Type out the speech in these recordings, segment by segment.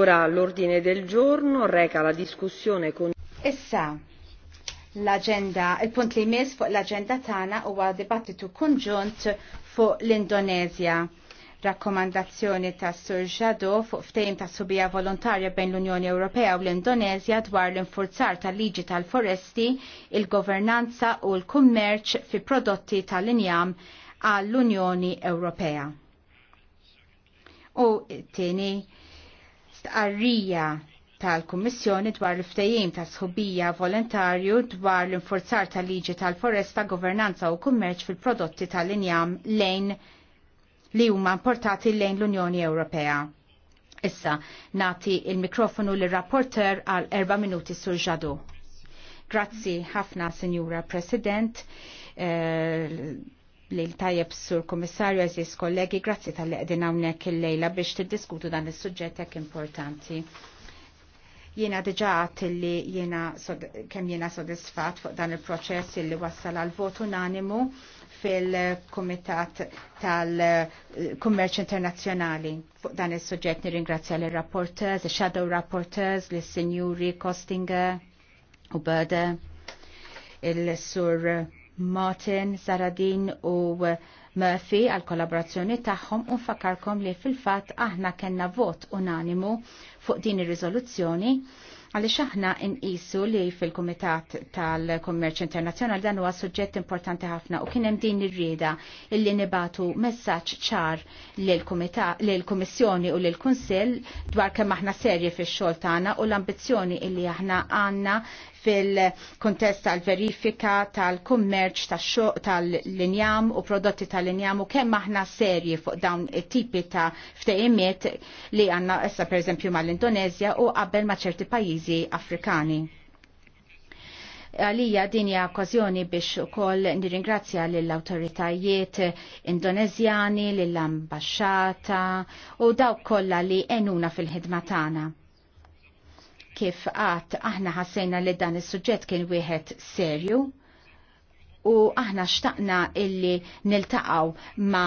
Ora l'ordine del giorno reca la discussione con... Issa, l il-punt li jmiss fuq l tana huwa dibattitu konġunt fuq l-Indonezja. Rakkomandazzjoni ta' Sur Jado fuq ftejn ta' subija volontarja bejn l-Unjoni Ewropea u l-Indonezja dwar l-infurzar tal-liġi tal-foresti, il-governanza u l-kummerċ fi prodotti tal-injam għall-Unjoni Ewropea. U t tini stqarrija tal-Kummissjoni dwar l-ftejjim ta' sħubija volontarju dwar l-infurzar tal-liġi tal-foresta governanza u kummerċ fil-prodotti tal-injam lejn li huma importati lejn l-Unjoni Ewropea. Issa, nati il-mikrofonu l-rapporter għal erba minuti sur ġadu. Grazzi ħafna, Senjura President. Eh, lejl tajjeb sur komissarju għaziz kollegi, grazzi tal għedin għawnek il-lejla biex tiddiskutu dan il-sujġet jek importanti. Jiena diġa għat li jiena kem jiena sodisfat fuq dan il-proċess li wassal għal vot unanimu fil-Komitat tal-Kummerċ Internazzjonali. Fuq dan il-sujġet nirringrazzja l-rapporters, il-shadow rapporters, l-Sinjuri Kostinga u Bada, il-Sur Martin, Saradin u eh, Murphy għal kollaborazzjoni tagħhom u fakarkom li fil-fatt aħna kenna vot unanimu fuq din ir-riżoluzzjoni għaliex aħna nqisu li fil-Kumitat tal-Kummerċ Internazzjonali dan huwa suġġett importanti ħafna u kien hemm din ir-rieda illi nibatu messaġġ ċar lill-Kummissjoni u lill-Kunsill dwar kemm aħna serji fix-xogħol tagħna u l-ambizzjoni illi aħna għandna fil-kontest tal-verifika tal-kummerċ tal-linjam u prodotti tal-linjam u kemm aħna serji fuq dawn it-tipi ta' ftejimiet li għanna issa per mal-Indonezja u qabel ma' ċerti pajjiżi pajjiżi Afrikani għalija dinja okkazjoni biex ukoll nirringrazzja lill-awtoritajiet indonezjani, lill-ambasċata u dawk kollha li enuna fil-ħidma tagħna. Kif qatt aħna ħassejna li dan is-suġġett kien wieħed serju u aħna xtaqna illi niltaqaw ma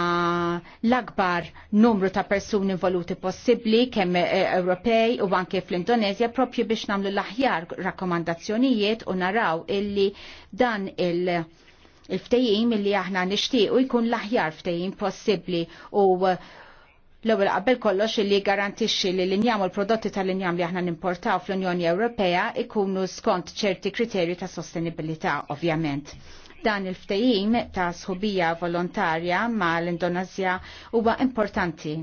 l-akbar numru ta' persuni involuti possibli kemm eh, Ewropej u anke fl-Indonezja propju biex namlu l-aħjar rakkomandazzjonijiet u naraw illi dan il- il-ftejim illi aħna nishtiq u jkun l-aħjar ftejim possibli u eh, l-ewwel qabel kollox li garantixxi li l-injam u l-prodotti tal-injam li aħna nimportaw fl-Unjoni Ewropea ikunu skont ċerti kriterji ta' sostenibilità ovvjament. Dan il-ftejim ta' sħubija volontarja ma' l-Indonezja huwa importanti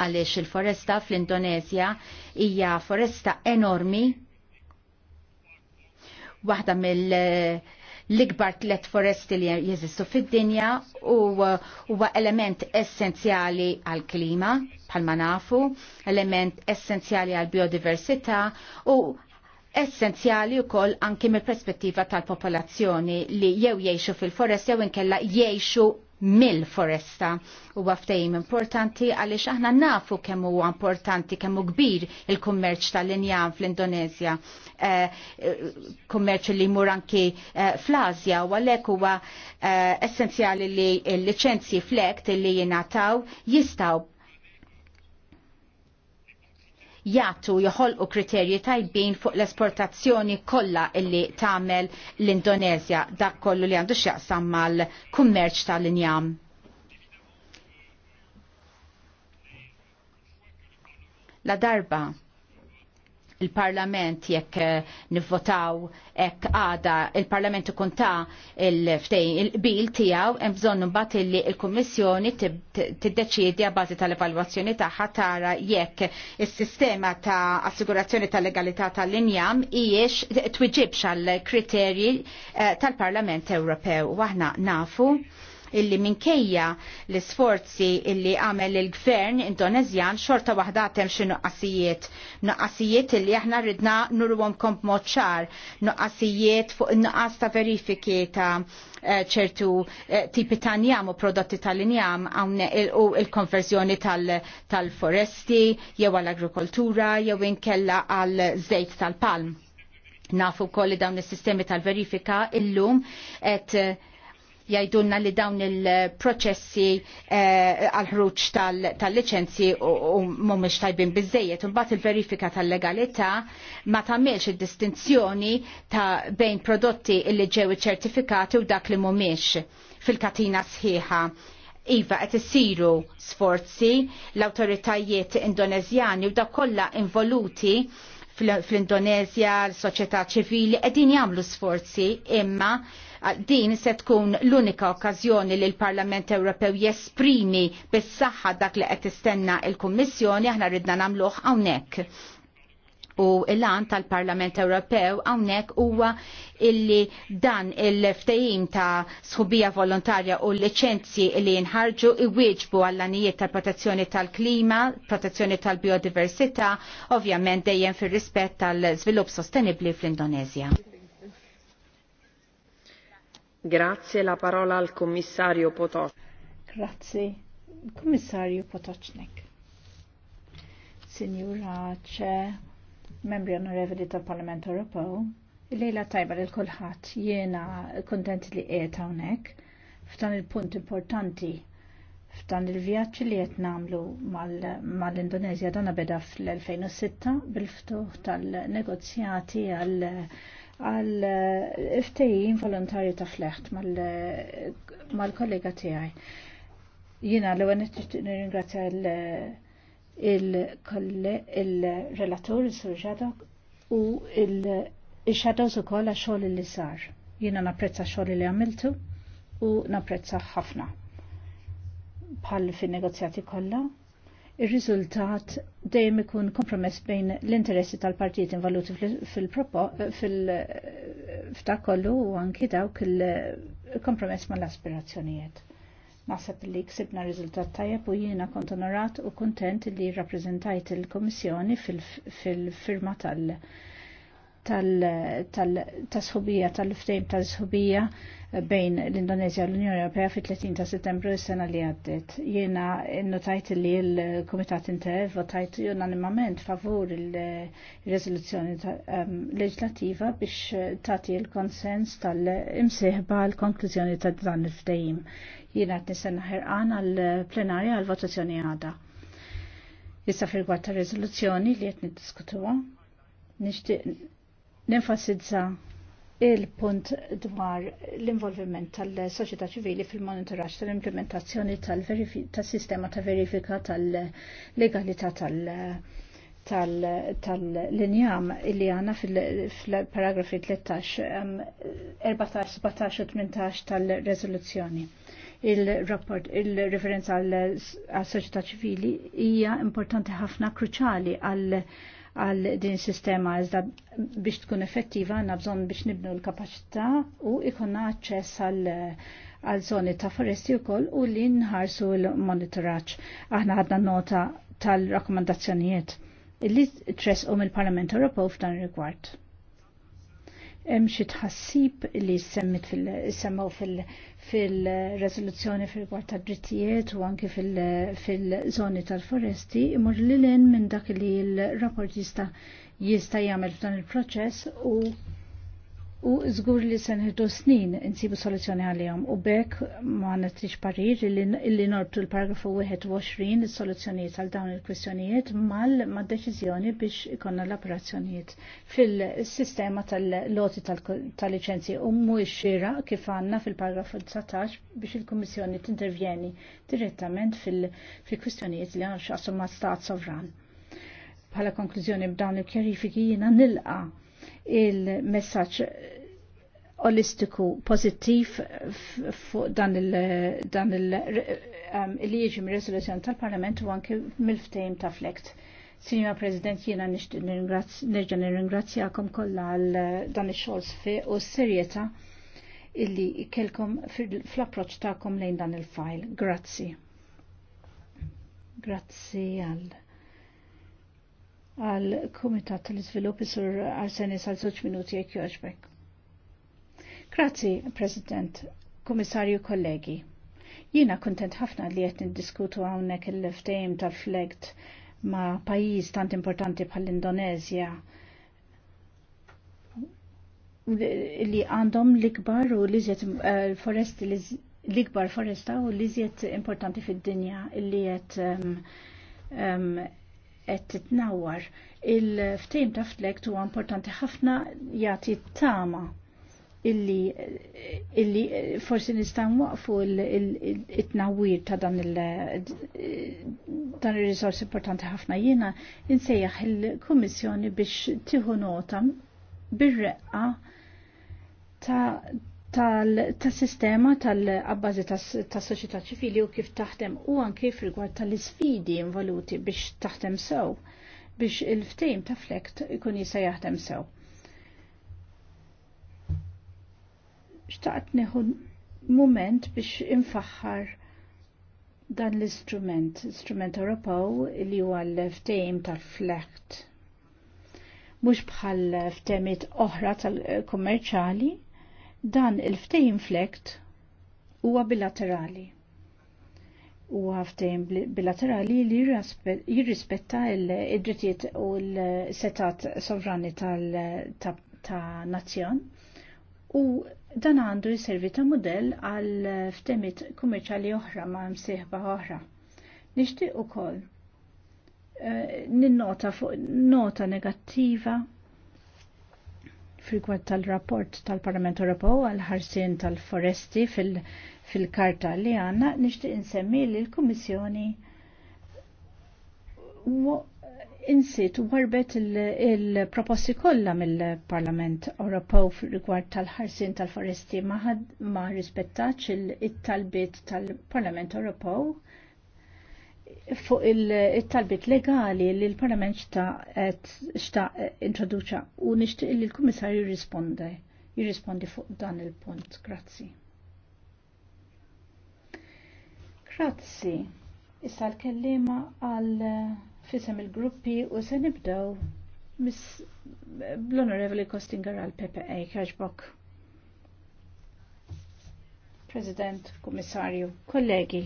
għaliex il-foresta fl-Indonezja hija foresta enormi waħda mill l-ikbar tlet foresti li jeżistu fid-dinja u huwa element essenzjali għal klima bħalma nafu, element essenzjali għal biodiversità u essenzjali u koll anki mill perspettiva tal-popolazzjoni li jew jiexu fil-forest jew inkella jiexu mill-foresta. U għaftajim importanti għalix aħna nafu kemm huwa importanti, kemm hu kbir il-kummerċ tal-injan fl-Indonezja. Eh, kummerċ li jmur anki eh, fl-Azja u għalhekk huwa eh, essenzjali li l-liċenzji flekt li jingħataw jistgħu jagħtu joħolqu kriterji tajbin fuq l-esportazzjoni kollha illi tagħmel l-Indonezja dak kollu li għandu x'jaqsam mal-kummerċ tal-injam. La darba il-Parlament jekk eh, nivvotaw hekk għada il-Parlament ikun ta' il-ftejn il-qbil tiegħu hemm bżonn imbagħad li l-Kummissjoni tiddeċiedi bazi tal-evalwazzjoni tagħha tara jekk is-sistema ta' assigurazzjoni tal-legalità tal-injam hijiex twiġibx għall kriterji eh, tal-Parlament Ewropew. Waħna nafu illi minkejja l-sforzi illi għamel il-gvern indonezjan xorta waħda għatem xi nuqqasijiet. Nuqqasijiet illi aħna ridna nurwom komp moċċar, nuqqasijiet fuq nuqqas ta' verifiki ta' eh, ċertu eh, tipi ta' njam u prodotti tal-injam u il-konverzjoni tal-foresti, jew għal-agrikoltura, jew inkella għal-żejt tal-palm nafu koll dawn is-sistemi tal-verifika illum et jajdunna li dawn il-proċessi eh, għal-ħruġ tal-licenzi u, u mumiex tajbin bizzejiet. Unbat il-verifika tal-legalità ma tamilx il-distinzjoni ta' bejn prodotti illi ġew ċertifikati u dak li mumiex fil-katina sħiħa. Iva qed isiru sforzi l-awtoritajiet indonezjani u dak kollha involuti fl-Indonezja, l-soċjetà ċivili qegħdin jagħmlu sforzi imma Din se tkun l-unika okkażjoni li l-Parlament Ewropew jesprimi bis-saħħa dak li qed istenna l-Kummissjoni aħna ridna nagħmluh hawnhekk. U l-an tal-Parlament Ewropew hawnhekk huwa illi dan il-ftehim ta' sħubija volontarja u licenzji li jinħarġu iwieġbu għall-anijiet tal-protezzjoni tal-klima, protezzjoni tal-biodiversità, ovvjament dejjem fir-rispett tal-żvilupp sostenibbli fl-Indonezja. Grazie, la parola al commissario Potocnik. Grazie, commissario Potocnik. Signora Ċe, membri onorevoli tal Parlament Ewropew, il-lejla tajba l kulħadd jiena kontent li qiegħed hawnhekk f'dan il-punt importanti f'dan il-vjaġġ li qed nagħmlu mal-Indonezja dana beda fl-2006 bil-ftuħ tal-negozjati għal, -għal għal eh, ftejjin volontarju ta' fleħt eh, mal-kollega tiegħi. Jiena l-ewwel nirringrazzja il-relatur, il ġadok, u il ġadok u kolla xoll li sar. Jina napprezza xoll li għamiltu u napprezza ħafna. Bħal fin negozjati kolla ir-riżultat dejjem ikun kompromess bejn l-interessi tal-partijiet involuti fil-fta kollu u anki dawk il-kompromess mal-aspirazzjonijiet. Naħseb li ksibna riżultat tajjeb u jiena kont onorat u kuntent li rappreżentajt il-Komissjoni fil-firma tal- tal-sħubija, tal-ftejm tal-sħubija bejn l-Indonezja u l-Unjoni Ewropea fit-30 ta' settembru s-sena li għaddit. Jiena notajt li l-Komitat Inter votajt unanimament favur il-rezoluzzjoni ehm, leġlativa biex tagħti l-konsens tal-imsieħba l-konklużjoni ta' dan il-ftejim. Jiena qed nistenna ħirqan għall-plenarja għall-votazzjoni għada. Issa fil-gwatta rezoluzzjoni li qed niddiskutuha nixtieq nenfasizza il-punt dwar l-involviment tal-soċjetà ċivili fil-monitoraġġ tal-implementazzjoni tal sistema ta' verifika tal-legalità tal-linjam li għana fil-paragrafi 13, 14, 17 u 18 tal-rezoluzzjoni il-rapport, il-referenza għal soċjetà ċivili hija importanti ħafna kruċali għal għal din sistema iżda biex tkun effettiva għanna bżon biex nibnu l-kapacità u ikonna aċċess għal għal zoni ta' foresti u koll u li nħarsu l-monitoraċ. Aħna għadna nota tal-rakkomandazzjonijiet li tres u mill-Parlament Ewropew f'dan rigward. Hemm xi tħassib li semmit fil-semmew fil-, -semmew fil fil-resoluzzjoni fil-gwar ta' drittijiet u anki fil-żoni tal-foresti imur lilin minn dak li l-rapport jista' jista' jagħmel f'dan il-proċess u U zgur li senħidu snin insibu soluzzjoni għalihom u bekk ma netrix parir illi nortu l-paragrafu 21 il-soluzzjonijiet għal dawn il-kwistjonijiet mal ma deċiżjoni biex ikonna l-operazzjonijiet fil-sistema tal-loti tal-licenzi u mhuwiex xira kif għandna fil-paragrafu 19 biex il-Kummissjoni intervjeni direttament fil-kwistjonijiet li għanx x'qasu ma' stat sovran. Bħala konklużjoni b'dawn il-kjarifiki jiena nilqa' il-messaġġ olistiku pozittiv fuq dan il- dan il- um, mir resoluzjoni tal-Parlament u anke mill ftejm ta' flekt. Signora President, jiena nerġa' nirringrazzjakom kollha għal eh, dan ix-xogħol fi u s-serjetà illi kelkom fl-approċċ tagħkom lejn dan il-fajl. Grazzi. Grazzi għal għal Kumitat tal-Izvilupp Sur Arseni għal żewġ minuti jekk jogħġbek. Grazzi, President, Kummissarju kollegi. Jiena kuntent ħafna li qed niddiskutu hawnhekk il-ftehim tal-flegt ma' pajjiż tant importanti bħall-Indonezja li għandhom l-ikbar u l-iżjed eh, foresti l-ikbar foresta u l-iżjed importanti fid-dinja li għet qed titnawwar. Il-ftejm ta' flekt huwa importanti ħafna jagħti tama illi illi forsi nistgħu waqfu it-tnawwir ta' dan il dan ir-riżors importanti ħafna jiena insejjaħ il-Kummissjoni biex tieħu nota bir-reqqa ta' tal-sistema tal-abbażi tas-soċjetà ċivili u kif taħdem u anke f'rigward tal-isfidi involuti biex taħdem sew biex il-ftejm ta' flekt ikun jista' jaħdem sew. Xtaqt neħu moment biex infaħħar dan l-istrument, l-istrument Ewropew li huwa l-ftejm tal-flekt. Mhux bħal ftemiet oħra tal-kummerċali, Dan il-ftejn flekt huwa bilaterali. Huwa ftejn bilaterali li jirrispetta il drittijiet u l-setat sovrani tal-nazzjon u dan għandu jiservi ta' model għal ftemit kummerċali oħra ma' msieħba oħra. Nixtieq ukoll Uh, ninnota fuq nota negattiva frikwat tal-rapport tal-Parlament Ewropew għal ħarsien tal-foresti fil-karta li għanna nixtieq insemmi li l-Kummissjoni insit warbet il-proposti kollha mill-Parlament Ewropew rigward tal-ħarsien tal-foresti ma rispettax il-talbiet tal-Parlament Ewropew fuq il-talbit legali li l-Parlament xta eh, eh, introduċa u nixtieq li l-Kummissar jirrisponde jirrispondi fuq dan il-punt. Grazzi. Grazzi. Issa l-kellima għal eh, fisem il-gruppi u se nibdew Miss l-Onorevoli Kostinger għal PPA, Kħarġbok. President, Kummissarju, kollegi,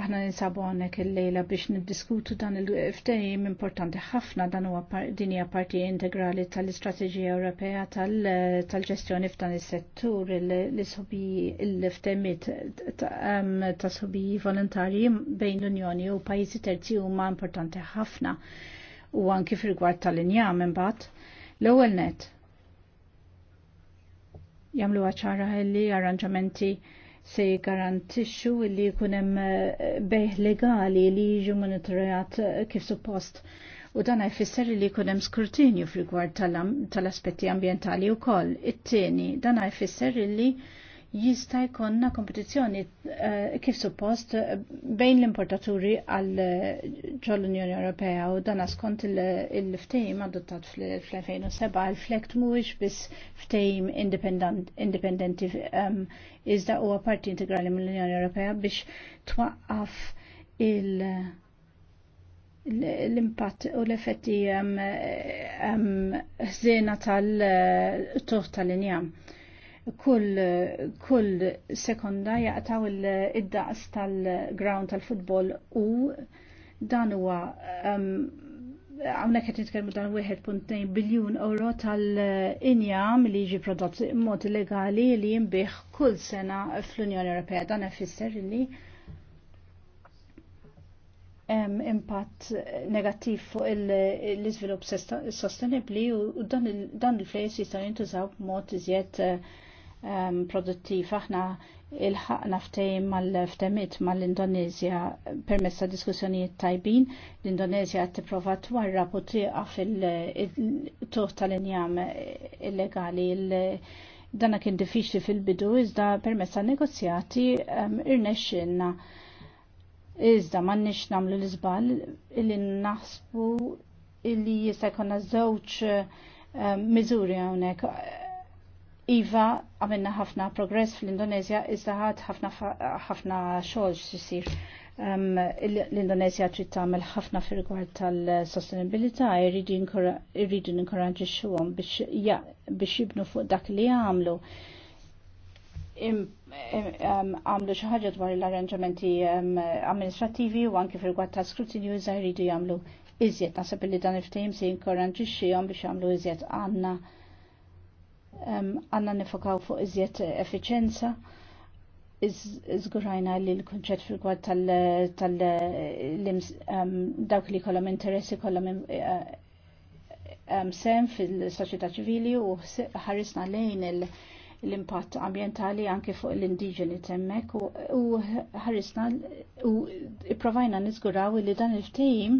aħna ninsabu għonek il-lejla biex niddiskutu dan il-ftehim importanti ħafna dan huwa dinja parti integrali tal-Istrateġija Ewropea tal-ġestjoni f'dan is-settur il-ftehimiet ta' sobiji volontarji bejn l-Unjoni u pajjiżi terzi huma importanti ħafna u anki fil-gwart tal-injam imbagħad. L-ewwel net jagħmlu ċara li arranġamenti se jgarantixxu li jkun hemm eh, bejħ legali li jiġu monitorjat eh, kif suppost u dan jfisser li jkun hemm skrutinju fil-gwar tal-aspetti ambjentali wkoll. It-tieni, dan jfisser li jista' jkollna kompetizzjoni eh, kif suppost eh, bejn l-importaturi għal eh, ġol-Unjoni Ewropea u dan skont il-ftehim adottat fl-2007 għal flekt mhuwiex biss ftehim indipendenti ehm, iżda huwa parti integrali mill-Unjoni Ewropea biex twaqqaf il- l-impatt u l-effetti ehm, ehm, ħżiena tal-tuħ tal-injam kull, kull sekonda jaqtaw id-daqs tal-ground tal-futbol u dan huwa għetni um, qed nitkellmu dan 1.2 biljun euro tal-injam li jiġi prodott mod legali li jimbiħ kull sena fl-Unjoni Ewropea. Dan ifisser li hemm impatt negattiv fuq l-iżvilupp sostenibbli u dan il-flejs jistgħu jintużaw b'mod iżjed um, produttiv. Aħna il-ħakna ftejn mal ftemit mal-Indonezja permezz ta' diskussjonijiet tajbin. L-Indonezja qed tipprova twarrab u tieqa' fil-tuħ tal-injam illegali dana kien diffiċli fil-bidu iżda permessa negozjati um, irnexxinna iżda m'għandniex nagħmlu l-iżbal li naħsbu illi jista' jkollna żewġ um, miżuri hawnhekk Iva, għamilna ħafna progress fl-Indonezja, iżda ħad ħafna xogħol xisir. Um, L-Indonezja trid tagħmel ħafna fir-rigward tal-sostenibilità, irridu xuhom biex ja, biex jibnu fuq dak li għamlu. Għamlu xi ħaġa dwar l-arranġamenti amministrativi u anke fir-rigward tal skrutinju iżda jridu jagħmlu iżjed. Naħseb li dan il-ftehim se xihom biex jagħmlu iżjed għandna għanna nifokaw fuq iżjed effiċenza iżgurajna li l-konċett fil-kwad tal-dawk li kolom interessi kolom eh, sem fil-soċjetà ċivili u ħarisna lejn l-impatt ambientali anke fuq l-indiġeni temmek u ħarisna u iprovajna nizguraw li dan il-ftejim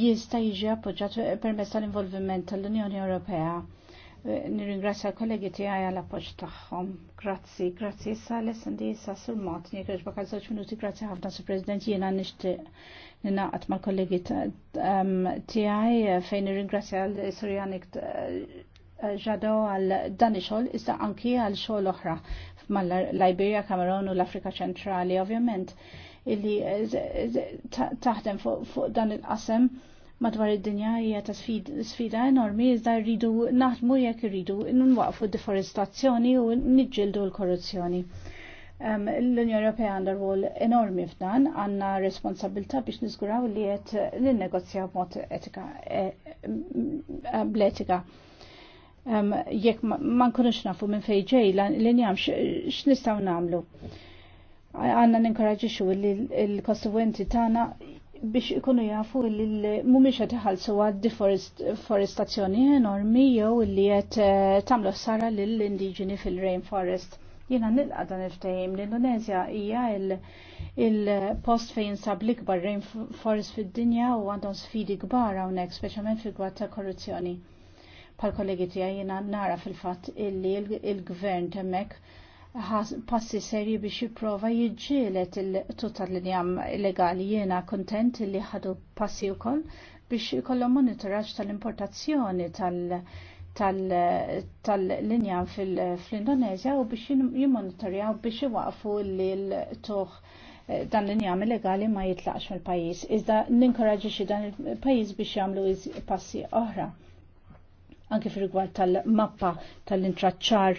jista jiġi appoġġat permezz tal-involviment tal-Unjoni Ewropea nirringrazzja l-kollegi tiegħi għal appoġġ tagħhom. Grazzi, grazzi issa l-SND issa sul mod nirgħax bakal żewġ minuti grazzi ħafna sur President jiena nixtieq ninaqat mal-kollegi ehm, tiegħi fejn nirringrazzja l-Surjanik ġado eh, għal dan xogħol iżda anki għal xogħol oħra mal-Liberia, Kamerun u l-Afrika ċentrali, ovvjament, illi eh, taħdem fuq dan il-qasem madwar id-dinja hija ta' sfida enormi iżda rridu naħdmu jekk irridu nwaqfu d-deforestazzjoni u niġġieldu l-korruzzjoni. Um, L-Unjoni Ewropea għandha rwol enormi f'dan, għandna responsabilità biex niżguraw li qed ninnegozjaw b'mod etika e, bl-etika. Um, Jekk ma nkunux nafu minn fejn ġej l-injam x'nistgħu nagħmlu. Għanna ninkoraġixxu li l-kostitwenti tagħna biex ikunu jafu li mumiex qed iħallsu għad deforestazzjoni enormi jew li qed eh, tagħmlu sara lill-indiġeni fil-rainforest. Jiena nilqa' dan il-ftehim l-Indonezja hija il-post fejn sab l-ikbar rainforest fid-dinja u għandhom sfidi kbar hawnhekk speċjalment fil-gwad ta' korruzzjoni. Pal kollegi tiegħi jiena nara fil-fatt illi il-gvern temmek passi seri biex jipprova jiġġielet il tuta li jam illegali jiena kontent li ħadu passi u koll biex jikollu monitoraġ tal-importazzjoni tal-linja fil-Indonezja u biex jimonitorjaw biex iwaqfu li l-tuħ eh, dan l-injam illegali ma jitlaqx mill-pajis. Iżda ninkoraġi dan il-pajis biex jamlu passi oħra anke fil-rigward tal-mappa tal-intraċċar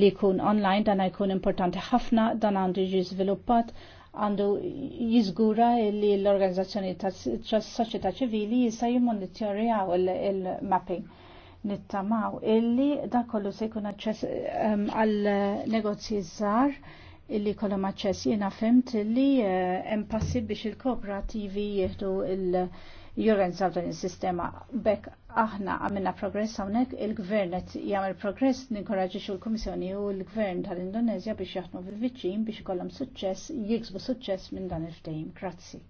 li jkun online dan jkun importanti ħafna dan għandu jiġi żviluppat għandu jizgura li l-organizzazzjoni tas-soċjetà ċivili jista' jimmonitorjaw il-mapping nittamaw illi da kollu se jkun aċċess ehm, għal negozji żgħar illi kollhom aċċess jiena fimt illi ehm, hemm passi biex il-kooperativi jieħdu il-, -il jurenzaw dan il-sistema. Bekk aħna għamilna progress hawnhekk il-gvern qed jagħmel progress ninkoraġixxu l-Kummissjoni u l-Gvern tal-Indonezja biex jaħdmu fil-viċin biex ikollhom suċċess, jiksbu suċċess minn dan il-ftehim. Grazzi.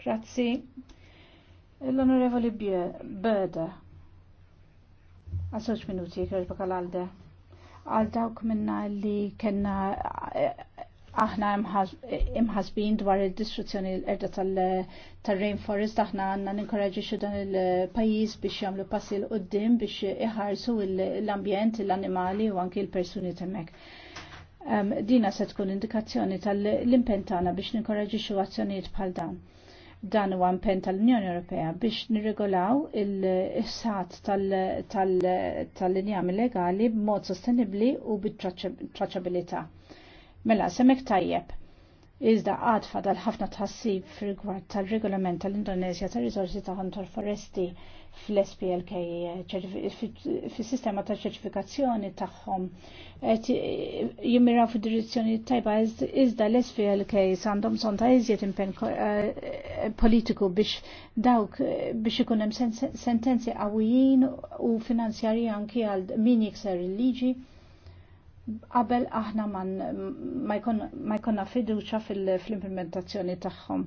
Grazzi. L-Onorevoli Böda. Għal minuti, kħerba għal għal dawk minna li kena aħna imħasbin dwar il-distruzzjoni l-erda tal-rainforest, aħna għanna ninkoraġi dan il-pajis biex jamlu passi l-qoddim biex iħarsu l-ambjent, l-animali u anki l-personi temmek. dina se tkun indikazzjoni tal-impentana biex ninkoraġixxu azzjonijiet bħal dan. Dan huwa għampen tal-Unjoni Ewropea biex nirregolaw il-sat tal-linjam legali b'mod sostenibbli u bit-traċabilità. Mela, semek tajjeb. Iżda għad fadal ħafna tħassib fil-gwart tal-regolament tal indonesia tal-rizorsi ta' Hunter foresti fl-SPLK, fil-sistema tal ċertifikazzjoni tagħhom. Jimmiraw fil-direzzjoni tajba, iżda l-SPLK għandhom son ta' iżjed impen eh, politiku biex dawk biex ikun hemm sentenzi qawwijin u finanzjarijan anki għal min jikser il-liġi qabel aħna man ma jkonna fiduċa fil-implementazzjoni tagħhom.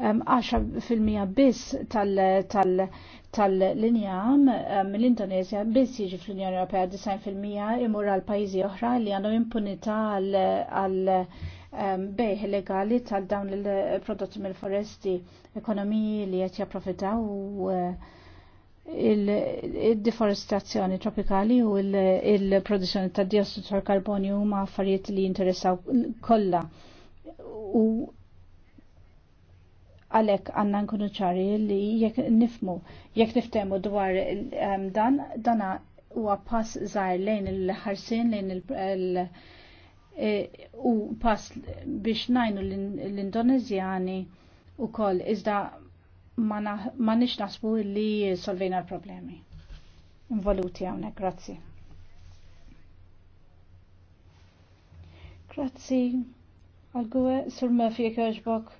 10% biss tal-linjam mill indonesia biss jiġi fl-Unjoni Ewropea 90% imur għal pajjiżi oħra li għandu impunità għal bejħ legali tal dawn il-prodotti mill-foresti, ekonomiji li qed japprofitaw u eh, il-deforestazzjoni tropikali u il-produzzjoni ta' diossidu tal-karbonju huma affarijiet li jinteressaw kollha. U għalhekk għandna nkunu ċari li jekk nifmu, jekk niftemu dwar ehm, dan, dana huwa pass żgħar lejn il-ħarsien lejn il- e, u pass biex najnu l-Indonezjani u koll iżda ma nix nasbu li solvejna l-problemi. Involuti għawnek, grazzi. Grazzi, għal-għue, sur Murphy, kħoġbok.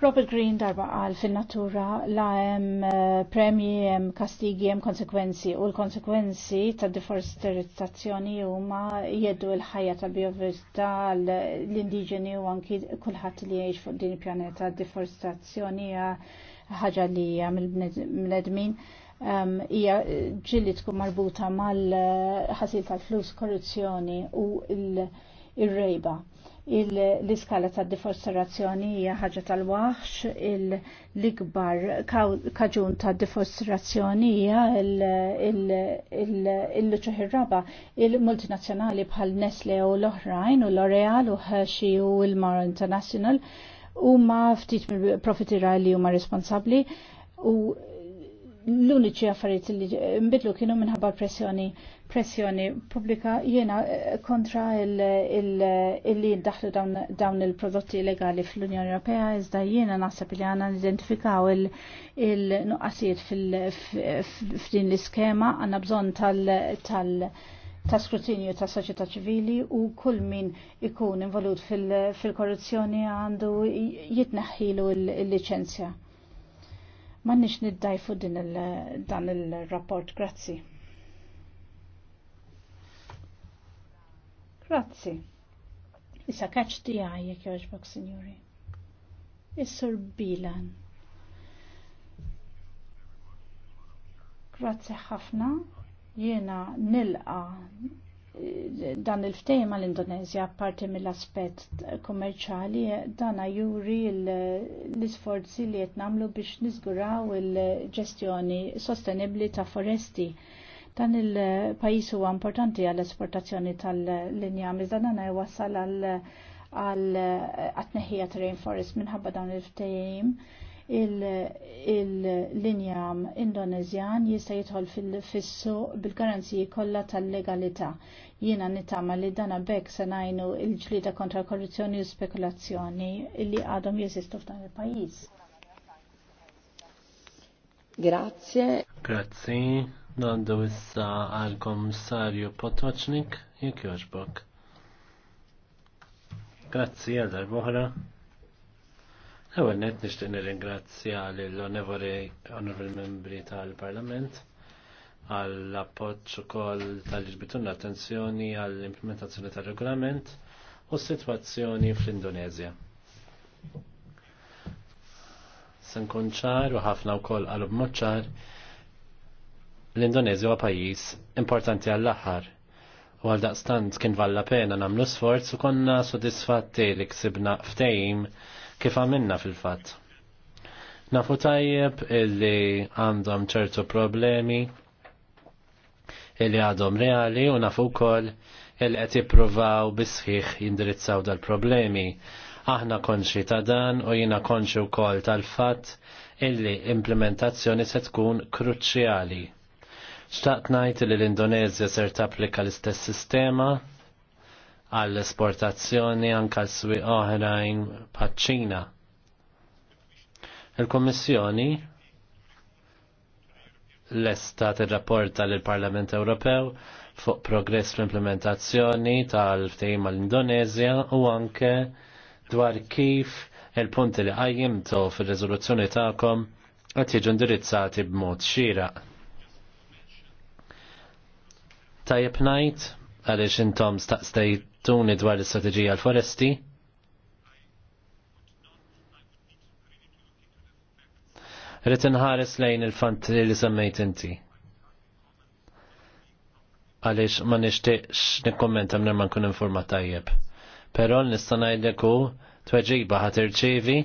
Robert Green darba għal fin-natura la hemm eh, premji, hemm kastigi, hemm konsekwenzi u l-konsekwenzi ta' deforestazzjoni huma jeddu l-ħajja tal-biodiversità l-indiġeni u anki kulħadd li jgħix fuq din pjaneta deforestazzjoni hija ħaġa li hija mill-bnedmin ehm, hija ġilli tkun marbuta mal-ħasil tal-flus, korruzzjoni u l-rejba l-iskala ta' deforestazzjoni hija ħaġa tal-waħx, l-ikbar kaġun ta' deforestazzjoni hija l-luċuħ ir-raba, il-multinazzjonali bħal Nestle u l-oħrajn u l-Oreal u Hershey u il-Mar International huma ftit mill-profitira li huma responsabbli u l-uniċi affarijiet li nbidlu kienu minħabba pressjoni pressjoni pubblika jiena eh, kontra il-li daħlu dawn il-prodotti illegali fl-Unjoni Ewropea iżda jiena naħseb li għana identifikaw il-nuqqasijiet f'din l-iskema għanna bżon tal- ta' skrutinju ta' soċjetà ċivili u kull min ikun involut fil-korruzzjoni għandu jitneħħilu l-licenzja. Mannix niddajfu din il-dan il-rapport, grazzi. Grazzi. Issa kaċ ti għajek joġbok, signori. Is-sur Bilan. Grazzi ħafna. Jena nilqa eh, dan il-ftejma l-Indonezja parti mill-aspet kommerċali dana juri l-isforzi li jett biex nizguraw il-ġestjoni sostenibli ta' foresti Dan il-pajis huwa importanti għall-esportazzjoni tal-linja iżda dan wasal għal għatneħija ta' rainforest minħabba dawn il ftejim il-linjam indonezjan jista' jidħol fil-fissu bil-garanziji kollha tal-legalità. Jiena nitama li dana bekk se ngħinu l-ġlida kontra korruzzjoni u spekulazzjoni li għadhom jeżistu f'dan il-pajjiż. Grazie. Grazie. Nandu issa għal komissarju Potocnik, jek joġbok. Grazzi għal darbohra. Ewa net nishtiq nirringrazzja lill-onorevoli honorable membri tal-Parlament għall appoġġ ukoll tal-ġbitun l-attenzjoni għall implementazzjoni tal-regolament u s-sitwazzjoni fl-Indonezja. Sen ċar u ħafna wkoll għal b'moċċar l-Indonezja huwa pajjiż importanti għall-aħħar. U għal daqstant kien valla pena namlu sforz u konna sodisfatti li ksibna ftejim kif għamilna fil-fatt. Nafu tajjeb illi għandhom ċertu problemi illi għadhom reali u nafu kol illi qed jippruvaw bisħiħ jindirizzaw dal-problemi. Aħna konxi ta' dan u jina konxi wkoll tal-fatt illi implementazzjoni se tkun kruċjali Xtaqt najt li l-Indonezja ser tapplika l-istess sistema għall-esportazzjoni anka s swieq oħrajn paċ-Ċina. Il-Kommissjoni l-esta tir-rapporta lill parlament Ewropew fuq progress fl-implementazzjoni tal ftejma mal-Indonezja u anke dwar kif il-punti li għajjimtu fil-rezoluzzjoni ta'kom għat jiġu indirizzati b'mod xira tajjeb ngħid għaliex intom tuni dwar l-istrateġija l-foresti. Rrid inħares lejn il-fant li semmejt inti. Għaliex ma nixtieqx nikkommenta minn ma nkun informat tajjeb. Però nista' ngħidlek hu tweġiba ħadd irċievi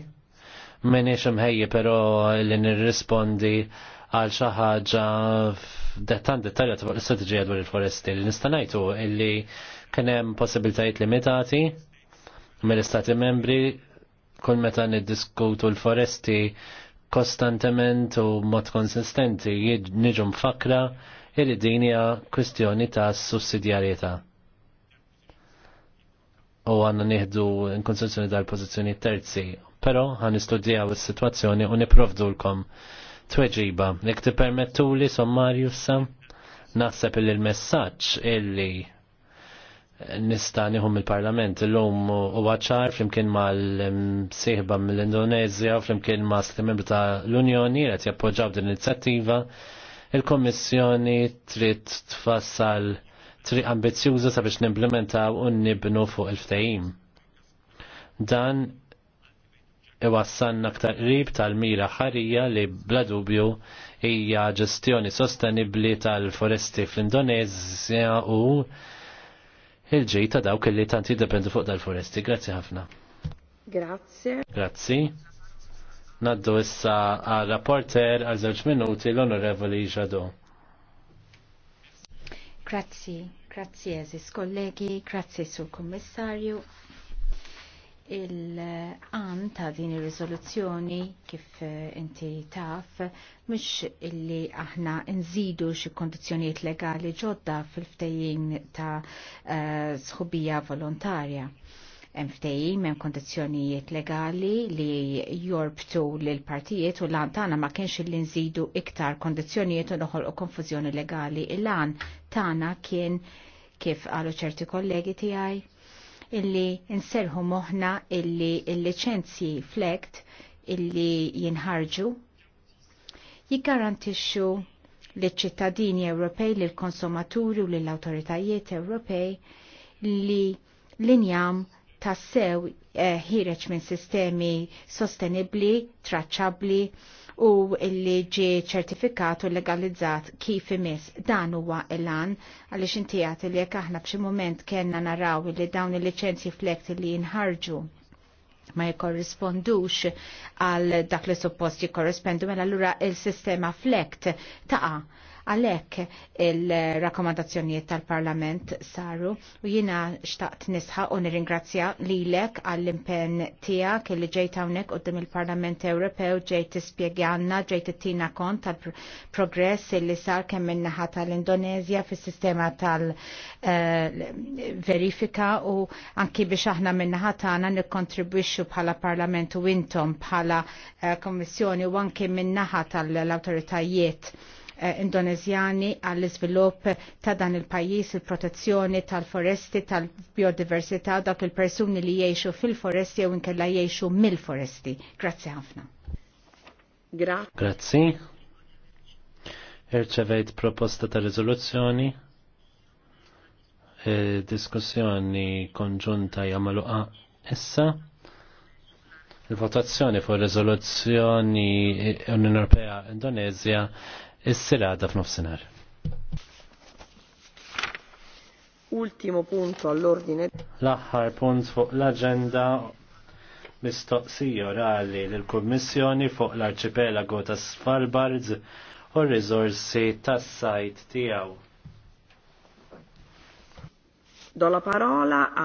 minix imħejji però li nirrispondi għal xi ħaġa f'dettan dettalja fuq l-istrateġija dwar il-foresti li nista' ngħidu illi kien hemm possibiltajiet limitati mill-istati membri kull meta niddiskutu l-foresti kostantement u mod konsistenti niġu mfakra illi din hija kwistjoni ta' sussidjarjetà. U għanna nieħdu n tal dal-pożizzjoni terzi, però ħan istudjaw is-sitwazzjoni u nipprovdulkom tweġiba. Jek ti permettu li sommarju sa naħseb il messaġġ illi nista' nieħum il-Parlament illum huwa ċar flimkien mal sihba mill-Indonezja u flimkien ma' membri ta' l-Unjoni qed jappoġġaw din l-inizjattiva. Il-Kommissjoni trid tfassal triq ambizzjuża sabiex nimplementaw un nibnu fuq il-ftehim. Dan iwassanna aktar qrib tal-mira ħarija li bla dubju hija ġestjoni sostenibbli tal-foresti fl-Indonezja u il-ġej ta' dawk li tant jiddependu fuq tal-foresti. Grazzi ħafna. Grazie. Grazzi. Naddu issa għal rapporter għal żewġ minuti l-Onorevoli Ġadu. Grazzi, grazzi eżis kollegi, grazzi Sur kommissarju il-għan ta' din ir-riżoluzzjoni kif eh, inti taf mhux illi aħna nżidu xi kondizzjonijiet legali ġodda fil-ftejjin ta' eh, sħubija volontarja. Hemm ftehim hemm kondizzjonijiet legali li jorbtu lil partijiet u lan tagħna ma kienx li nżidu iktar kondizzjonijiet u noħolqu konfużjoni legali. il għan tagħna kien kif qalu ċerti kollegi tiegħi illi inserħu moħna illi il-licenzji flekt illi jinħarġu jiggarantixxu l-ċittadini Ewropej, l-konsumaturi u l-autoritajiet Ewropej li l-injam tassew eh, ħireċ minn sistemi sostenibli, traċabli u illi ġi ċertifikat u legalizzat kif imis. Dan huwa elan għaliex inti għat li jekk aħna b'xi mument kellna naraw li dawn il-liċenzji flekt li jinħarġu ma jikorrispondux għal dak li suppost jikorrispendu mela allura il-sistema flekt taqa' Għalhekk il-rakkomandazzjonijiet tal-Parlament saru u jiena xtaqt nisħa u nirringrazzja lilek għall-impenn tiegħek li ġejt hawnhekk qudiem il-Parlament Ewropew ġejt t-spiegħanna ġejt t-tina kont tal-progress li sar kemm min-naħa tal-Indonezja fis-sistema tal-verifika eh, u anki biex aħna min-naħa tagħna nikkontribwixxu bħala Parlament u intom bħala eh, Kommissjoni u anki min-naħa tal-awtoritajiet Eh, Indonezjani għall iżvilupp ta' dan il-pajjiż il-protezzjoni tal-foresti tal-biodiversità dak il-persuni li jgħixu fil-foresti jew inkella jgħixu mill-foresti. Grazzi ħafna. Grazzi. Irċevejt proposta ta' riżoluzzjoni. Eh, diskussjoni konġunta jamaluqa issa il-votazzjoni fuq il-rezoluzzjoni Unjoni Europea Indonezja is-silada f'nofsinhar. Ultimo punto all'ordine. L-aħħar punt fuq l-agenda mistoqsija orali lill-Kummissjoni fuq l-arċipelago ta' Svalbard u r-riżorsi tas-sajt tiegħu. Do la parola a